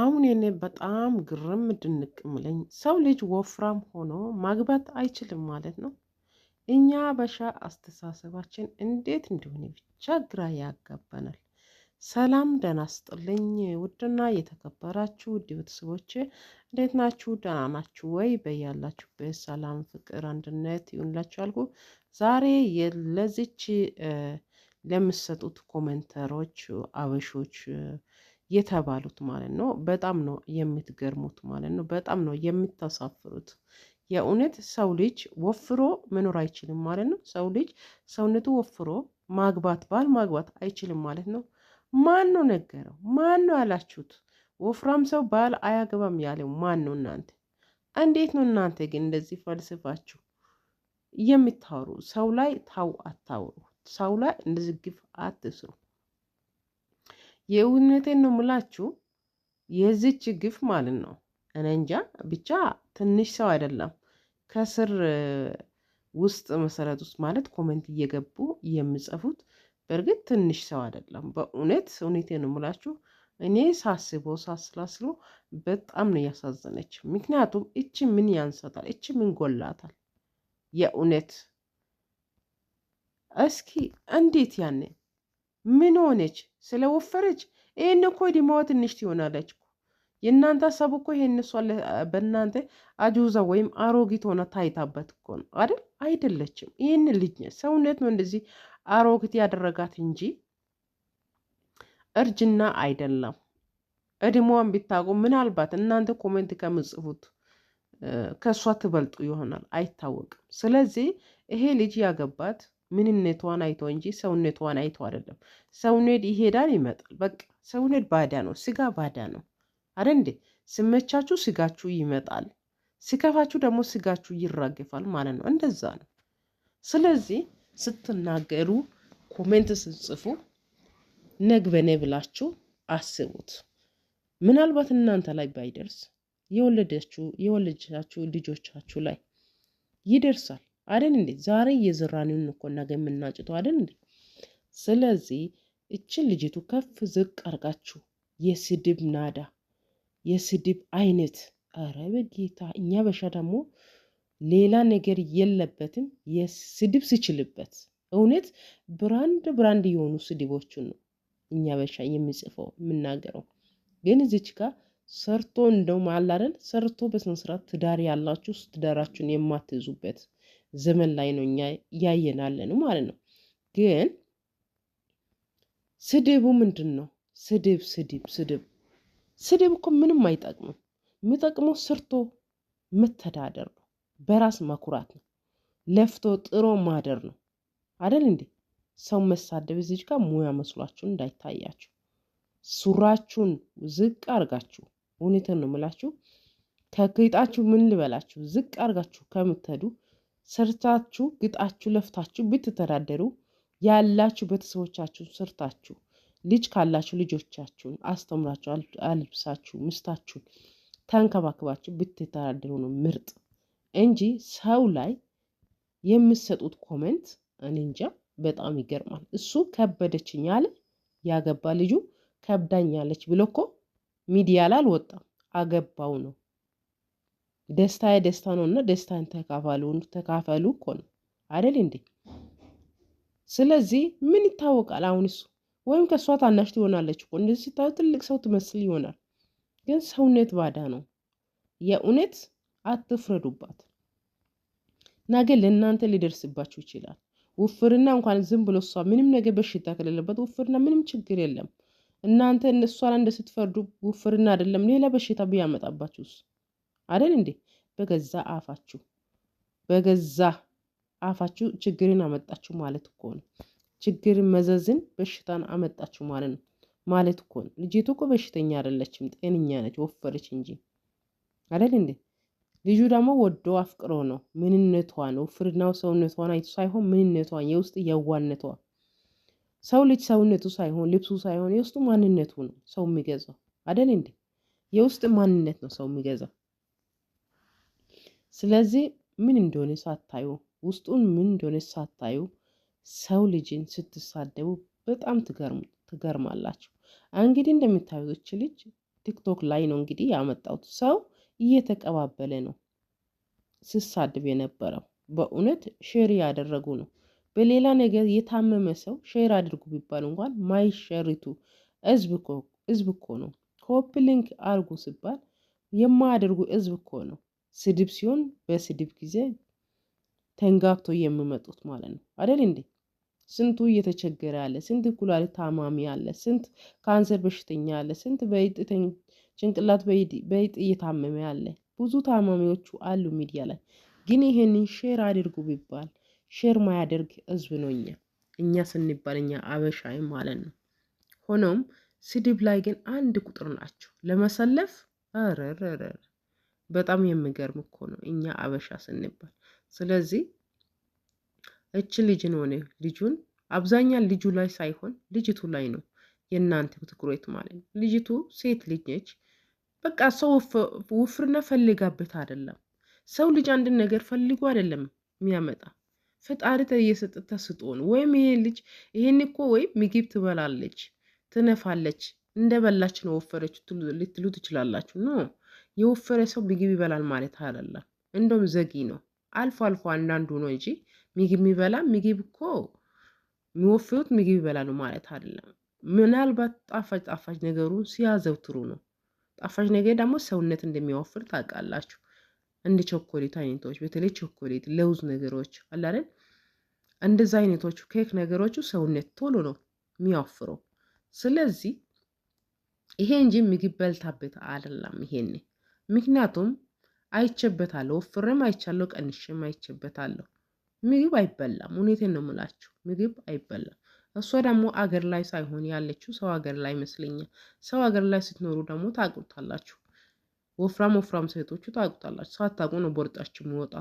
አሁን የኔ በጣም ግርም ድንቅ ምለኝ ሰው ልጅ ወፍራም ሆኖ ማግባት አይችልም ማለት ነው። እኛ በሻ አስተሳሰባችን እንዴት እንደሆነ ብቻ ግራ ያጋባናል። ሰላም ደህና ስጥልኝ። ውድና የተከበራችሁ ውድ ቤተሰቦች እንዴት ናችሁ? ደህና ናችሁ ወይ? በያላችሁበት ሰላም፣ ፍቅር፣ አንድነት ይሁንላችሁ አልኩ። ዛሬ ለዚች ለምሰጡት ኮመንተሮች አበሾች የተባሉት ማለት ነው። በጣም ነው የምትገርሙት ማለት ነው። በጣም ነው የምታሳፍሩት። የእውነት ሰው ልጅ ወፍሮ መኖር አይችልም ማለት ነው። ሰው ልጅ ሰውነቱ ወፍሮ ማግባት ባል ማግባት አይችልም ማለት ነው። ማን ነው ነገረው? ማን ነው ያላችሁት? ወፍራም ሰው ባል አያገባም ያለው ማን ነው? እናንተ እንዴት ነው እናንተ ግን እንደዚህ ፈልስፋችሁ የምታወሩ? ሰው ላይ ታው አታውሩ። ሰው ላይ እንደዚህ ግፍ አትስሩ። የእውነቴን ነው ምላችሁ የዚች ግፍ ማለት ነው። እኔ እንጃ ብቻ ትንሽ ሰው አይደለም ከስር ውስጥ መሰረት ውስጥ ማለት ኮመንት እየገቡ የሚጽፉት በእርግጥ ትንሽ ሰው አይደለም። በእውነት እውነቴን ነው ምላችሁ እኔ ሳስቦ ሳስላስሎ በጣም ነው ያሳዘነች። ምክንያቱም እች ምን ያንሰታል? እች ምን ጎላታል? የእውነት እስኪ እንዴት ያኔ ምን ሆነች? ስለወፈረች? ይህን እኮ ዲማዋ ትንሽ ትሆናለች። የእናንተ ሀሳብ እኮ ይሄን እሷ በእናንተ አጁዛ ወይም አሮጊት ሆና ታይታበት እኮ ነው አይደል? አይደለችም። ይህን ልጅ ሰውነት ነው እንደዚህ አሮጊት ያደረጋት እንጂ እርጅና አይደለም። እድሜዋን ቢታቁ ምናልባት እናንተ ኮሜንት ከምጽፉት ከእሷ ትበልጡ ይሆናል፣ አይታወቅም። ስለዚህ ይሄ ልጅ ያገባት ምንነቷን አይቶ እንጂ ሰውነቷን አይቶ አይደለም። ሰውነት ይሄዳል ይመጣል። በቃ ሰውነት ባዳ ነው፣ ስጋ ባዳ ነው አረ እንዴ? ስመቻችሁ ስጋችሁ ይመጣል፣ ስከፋችሁ ደግሞ ስጋችሁ ይራገፋል ማለት ነው። እንደዛ ነው። ስለዚህ ስትናገሩ፣ ኮሜንት ስትጽፉ ነግበኔ ብላችሁ አስቡት። ምናልባት እናንተ ላይ ባይደርስ የወለደችሁ የወለጃችሁ ልጆቻችሁ ላይ ይደርሳል። አይደል እንዴ? ዛሬ የዘራነውን እኮ ነገ የምናጭተው አይደል እንዴ? ስለዚህ እችን ልጅቱ ከፍ ዝቅ አርጋችሁ የስድብ ናዳ፣ የስድብ አይነት አረ በጌታ እኛ በሻ ደግሞ ሌላ ነገር የለበትም። የስድብ ስችልበት እውነት ብራንድ ብራንድ የሆኑ ስድቦችን ነው እኛ በሻ የሚጽፈው የምናገረው። ግን እዚች ጋ ሰርቶ እንደውም አላደል ሰርቶ በስነስርዓት ትዳር ያላችሁ ትዳራችሁን የማትይዙበት ዘመን ላይ ነው እኛ እያየናለን ማለት ነው። ግን ስድቡ ምንድን ነው? ስድብ ስድብ ስድብ ስድብ እኮ ምንም አይጠቅምም። የሚጠቅመው ስርቶ መተዳደር ነው፣ በራስ መኩራት ነው፣ ለፍቶ ጥሮ ማደር ነው። አደል እንዴ? ሰው መሳደብ እዚህ ጋር ሙያ መስሏችሁን እንዳይታያችሁ። ሱራችሁን ዝቅ አርጋችሁ እውነትን ነው የምላችሁ ከቅጣችሁ ምን ልበላችሁ ዝቅ አርጋችሁ ከምትሄዱ ሰርታችሁ ግጣችሁ ለፍታችሁ ብትተዳደሩ ያላችሁ ቤተሰቦቻችሁን ሰርታችሁ ልጅ ካላችሁ ልጆቻችሁን አስተምራችሁ አልብሳችሁ ምስታችሁን ተንከባክባችሁ ብትተዳደሩ ነው ምርጥ እንጂ ሰው ላይ የምትሰጡት ኮመንት እኔ እንጃ በጣም ይገርማል። እሱ ከበደችኝ አለ ያገባ ልጁ ከብዳኛለች ብሎ እኮ ሚዲያ ላይ አልወጣም። አገባው ነው ደስታ የደስታ ነው እና ደስታን ተካፋሉ ተካፈሉ እኮ ነው አይደል እንዴ? ስለዚህ ምን ይታወቃል አሁን እሱ ወይም ከእሷ ታናሽ ትሆናለች እኮ እንደዚህ ሲታዩ ትልቅ ሰው ትመስል ይሆናል፣ ግን ሰውነት ባዳ ነው። የእውነት አትፍረዱባት። ነገ ለእናንተ ሊደርስባችሁ ይችላል። ውፍርና እንኳን ዝም ብሎ እሷ ምንም ነገር በሽታ ከሌለበት ውፍርና ምንም ችግር የለም። እናንተ እነሷን እንደስትፈርዱ ውፍርና አይደለም ሌላ በሽታ ቢያመጣባችሁስ? አይደል እንዴ? በገዛ አፋችሁ በገዛ አፋችሁ ችግርን አመጣችሁ ማለት እኮ ነው። ችግር መዘዝን በሽታን አመጣችሁ ማለት ነው ማለት እኮ ነው። ልጅቱ እኮ በሽተኛ አይደለችም፣ ጤንኛ ነች፣ ወፈረች እንጂ አይደል እንዴ? ልጁ ደግሞ ወዶ አፍቅሮ ነው። ምንነቷን ውፍርናው ሰውነቷን አይቶ ሳይሆን ምንነቷን የውስጥ የዋነቷ ሰው ልጅ ሰውነቱ ሳይሆን ልብሱ ሳይሆን የውስጡ ማንነቱ ነው ሰው የሚገዛው አደል እንዴ? የውስጥ ማንነት ነው ሰው የሚገዛው። ስለዚህ ምን እንደሆነ ሳታዩ ውስጡን ምን እንደሆነ ሳታዩ ሰው ልጅን ስትሳደቡ በጣም ትገርማላችሁ። እንግዲህ እንደምታዩች ልጅ ቲክቶክ ላይ ነው እንግዲህ ያመጣሁት ሰው እየተቀባበለ ነው ስሳድብ የነበረው በእውነት ሼር ያደረጉ ነው። በሌላ ነገር የታመመ ሰው ሼር አድርጉ ቢባል እንኳን ማይሸሪቱ ህዝብ እኮ ነው። ኮፕ ሊንክ አድርጉ ሲባል የማያደርጉ ህዝብ እኮ ነው። ስድብ ሲሆን በስድብ ጊዜ ተንጋግቶ የሚመጡት ማለት ነው አደል እንዴ? ስንቱ እየተቸገረ አለ፣ ስንት ኩላሊት ታማሚ አለ፣ ስንት ካንሰር በሽተኛ አለ፣ ስንት ጭንቅላት በይጥ እየታመመ አለ። ብዙ ታማሚዎቹ አሉ ሚዲያ ላይ ግን ይህን ሼር አድርጉ ቢባል ሼር ማያደርግ ህዝብ ነው። እኛ እኛ ስንባል እኛ አበሻይ ማለት ነው። ሆኖም ስድብ ላይ ግን አንድ ቁጥር ናቸው ለመሰለፍ ረረረ በጣም የሚገርም እኮ ነው እኛ አበሻ ስንባል። ስለዚህ እች ልጅን ሆነ ልጁን አብዛኛ ልጁ ላይ ሳይሆን ልጅቱ ላይ ነው የእናንተ ትኩረት ማለት ነው። ልጅቱ ሴት ልጅ ነች። በቃ ሰው ውፍርና ፈልጋበት አይደለም። ሰው ልጅ አንድን ነገር ፈልጎ አይደለም የሚያመጣ ፈጣሪ የሰጠ ተስጦን ወይም ልጅ ይሄን እኮ ወይም ምግብ ትበላለች፣ ትነፋለች፣ እንደበላች ነው ወፈረች ልትሉ ትችላላችሁ ነው የወፈረ ሰው ምግብ ይበላል ማለት አይደለም። እንደውም ዘጊ ነው። አልፎ አልፎ አንዳንዱ ነው እንጂ ምግብ የሚበላ ምግብ እኮ የሚወፍሩት ምግብ ይበላሉ ማለት አይደለም። ምናልባት ጣፋጭ ጣፋጭ ነገሩን ሲያዘውትሩ ነው። ጣፋጭ ነገር ደግሞ ሰውነት እንደሚወፍር ታውቃላችሁ። እንደ ቾኮሌት አይነቶች፣ በተለይ ቾኮሌት፣ ለውዝ ነገሮች አላለን። እንደዛ አይነቶቹ ኬክ ነገሮቹ ሰውነት ቶሎ ነው የሚያወፍረው። ስለዚህ ይሄ እንጂ ምግብ በልታበት አይደለም ይሄኔ ምክንያቱም አይቼበታለሁ፣ ወፍሬም አይቻለሁ፣ ቀንሼም አይቼበታለሁ። ምግብ አይበላም። እውነቴን ነው የምላችሁ፣ ምግብ አይበላም። እሷ ደግሞ አገር ላይ ሳይሆን ያለችው ሰው አገር ላይ ይመስለኛል። ሰው አገር ላይ ስትኖሩ ደግሞ ታውቁታላችሁ። ወፍራም ወፍራም ሴቶቹ ታውቁታላችሁ። ሳታውቁ ነው ቦርጫችሁ የሚወጣ።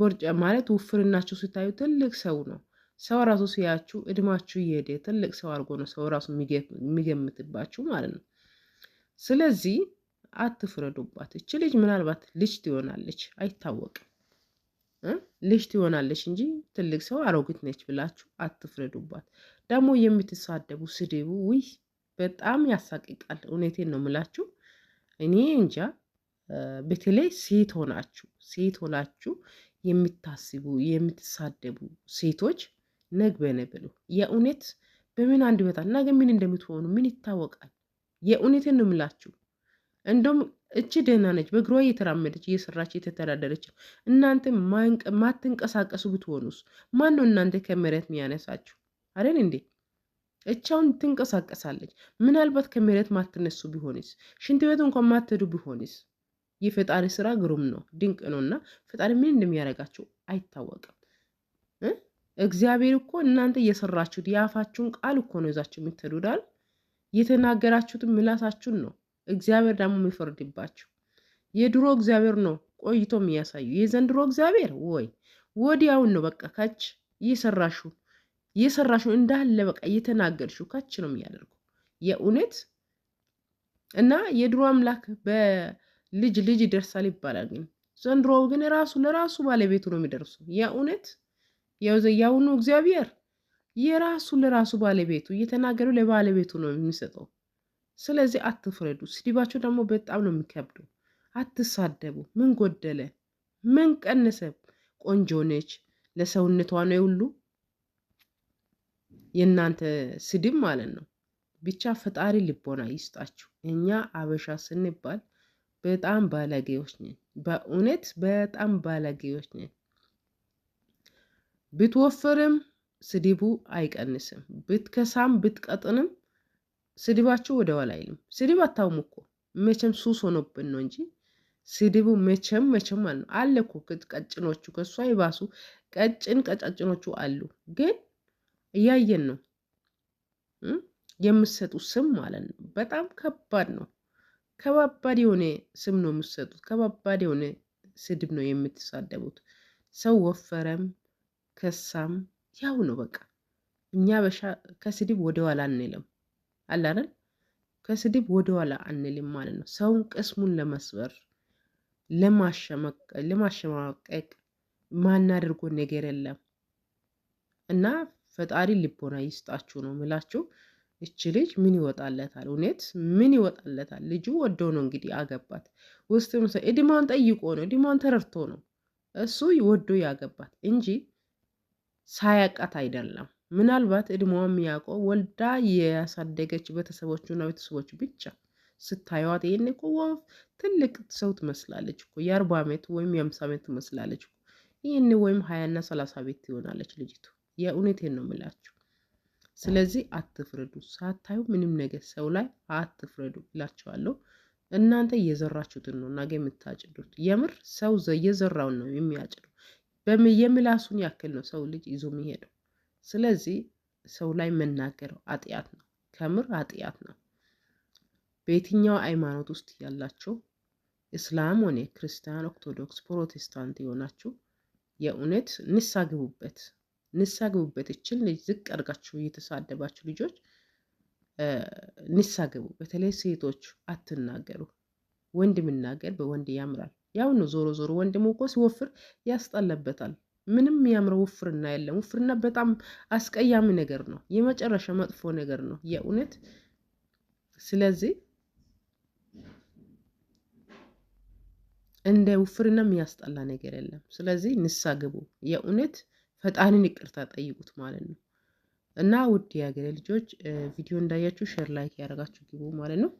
ቦርጫ ማለት ውፍርናችሁ ሲታዩ ትልቅ ሰው ነው። ሰው ራሱ ሲያችሁ እድማችሁ እየሄደ ትልቅ ሰው አድርጎ ነው ሰው ራሱ የሚገምትባችሁ ማለት ነው። ስለዚህ አትፍረዱባት። እች ልጅ ምናልባት ልጅ ትሆናለች አይታወቅም። ልጅ ትሆናለች እንጂ ትልቅ ሰው አሮጊት ነች ብላችሁ አትፍረዱባት። ደግሞ የምትሳደቡ ስድቡ ውይ በጣም ያሳቅቃል። እውነቴን ነው ምላችሁ። እኔ እንጃ በተለይ ሴት ሆናችሁ ሴት ሆናችሁ የምታስቡ የምትሳደቡ ሴቶች ነግ በነበሉ የእውነት በምን አንድ በታል ነገ ምን እንደምትሆኑ ምን ይታወቃል? የእውነቴን ነው ምላችሁ። እንደውም እቺ ደህና ነች፣ በእግሯ እየተራመደች እየሰራች እየተተዳደረች ነው። እናንተ ማትንቀሳቀሱ ብትሆኑስ ማን ነው እናንተ ከመሬት የሚያነሳችሁ? አረን እንዴ እቻውን ትንቀሳቀሳለች። ምናልባት ከመሬት ማትነሱ ቢሆንስ? ሽንት ቤት እንኳን ማትሄዱ ቢሆንስ? የፈጣሪ ስራ ግሩም ነው፣ ድንቅ ነው። እና ፈጣሪ ምን እንደሚያደርጋቸው አይታወቅም። እግዚአብሔር እኮ እናንተ እየሰራችሁት የአፋችሁን ቃል እኮ ነው ይዛችሁ የምትሄዱት አይደል? የተናገራችሁትን ምላሳችሁን ነው እግዚአብሔር ደግሞ የሚፈርድባቸው የድሮ እግዚአብሔር ነው ቆይቶ የሚያሳዩ። የዘንድሮ እግዚአብሔር ወይ ወዲያውን ነው በቃ ካች እየሰራሹ እየሰራሹ እንዳለ በቃ እየተናገርሹ ካች ነው የሚያደርጉ የእውነት እና የድሮ አምላክ በልጅ ልጅ ይደርሳል ይባላል። ግን ዘንድሮ ግን ራሱ ለራሱ ባለቤቱ ነው የሚደርሱ። የእውነት የአሁኑ እግዚአብሔር የራሱ ለራሱ ባለቤቱ እየተናገሩ ለባለቤቱ ነው የሚሰጠው። ስለዚህ አትፍረዱ። ስድባቸው ደግሞ በጣም ነው የሚከብዱ አትሳደቡ። ምን ጎደለ? ምን ቀነሰ? ቆንጆ ነች፣ ለሰውነቷ ነው ሁሉ የእናንተ ስድብ ማለት ነው። ብቻ ፈጣሪ ልቦና ይስጣችሁ። እኛ አበሻ ስንባል በጣም ባለጌዎች ነን። በእውነት በጣም ባለጌዎች ነን። ብትወፍርም ስድቡ አይቀንስም። ብትከሳም ብትቀጥንም ስድባችሁ ወደ ኋላ አይልም። ስድብ አታውም እኮ መቼም ሱስ ሆኖብን ነው እንጂ ስድቡ መቼም መቼም አለ ነው አለ እኮ ቀጭኖቹ ከእሷ ይባሱ ቀጭን ቀጫጭኖቹ አሉ። ግን እያየን ነው የምሰጡ ስም ማለት ነው። በጣም ከባድ ነው። ከባባድ የሆነ ስም ነው የምትሰጡት። ከባባድ የሆነ ስድብ ነው የምትሳደቡት። ሰው ወፈረም ከሳም ያው ነው በቃ። እኛ በሻ ከስድብ ወደ አንለም። አለ አይደል? ከስድብ ወደኋላ አንልም ማለት ነው። ሰውን ቅስሙን ለመስበር ለማሸማቀቅ ማናደርጎ ነገር የለም እና ፈጣሪ ልቦና ይስጣችሁ ነው ምላችሁ። እች ልጅ ምን ይወጣለታል? እውነት ምን ይወጣለታል? ልጁ ወዶ ነው እንግዲህ አገባት። ውስጥ እድማን ጠይቆ ነው እድማን ተረድቶ ነው እሱ ወዶ ያገባት እንጂ ሳያቃት አይደለም። ምናልባት እድሜዋም ያውቀው ወልዳ ያሳደገች ቤተሰቦቹና ቤተሰቦቹ ብቻ ስታዩዋት ይህን እኮ ወፍ ትልቅ ሰው ትመስላለች እኮ የአርባ ዓመት ወይም የአምሳ ዓመት ትመስላለች እኮ ይህን ወይም ሀያና ሰላሳ ቤት ትሆናለች ልጅቱ። የእውነቴን ነው የምላችሁ። ስለዚህ አትፍረዱ፣ ሳታዩ ምንም ነገር ሰው ላይ አትፍረዱ እላችኋለሁ። እናንተ እየዘራችሁትን ነው ነገ የምታጭዱት። የምር ሰው የዘራውን ነው የሚያጭዱ። የምላሱን ያክል ነው ሰው ልጅ ይዞ የሚሄደው። ስለዚህ ሰው ላይ መናገረው አጥያት ነው፣ ከምር አጥያት ነው። በየትኛው ሃይማኖት ውስጥ ያላችሁ እስላም ሆነ ክርስቲያን፣ ኦርቶዶክስ፣ ፕሮቴስታንት የሆናችሁ የእውነት ንስሐ ግቡበት፣ ንስሐ ግቡበት። ይችን ልጅ ዝቅ አድርጋችሁ እየተሳደባችሁ ልጆች ንስሐ ግቡ። በተለይ ሴቶች አትናገሩ። ወንድ መናገር በወንድ ያምራል። ያው ነው። ዞሮ ዞሮ ወንድም እኮ ሲወፍር ያስጠለበታል። ምንም የሚያምረው ውፍርና የለም። ውፍርና በጣም አስቀያሚ ነገር ነው፣ የመጨረሻ መጥፎ ነገር ነው የእውነት። ስለዚህ እንደ ውፍርና የሚያስጠላ ነገር የለም። ስለዚህ ንስሐ ግቡ፣ የእውነት ፈጣሪን ይቅርታ ጠይቁት ማለት ነው። እና ውድ የሀገሬ ልጆች ቪዲዮ እንዳያችሁ ሼር ላይክ ያደረጋችሁ ግቡ ማለት ነው።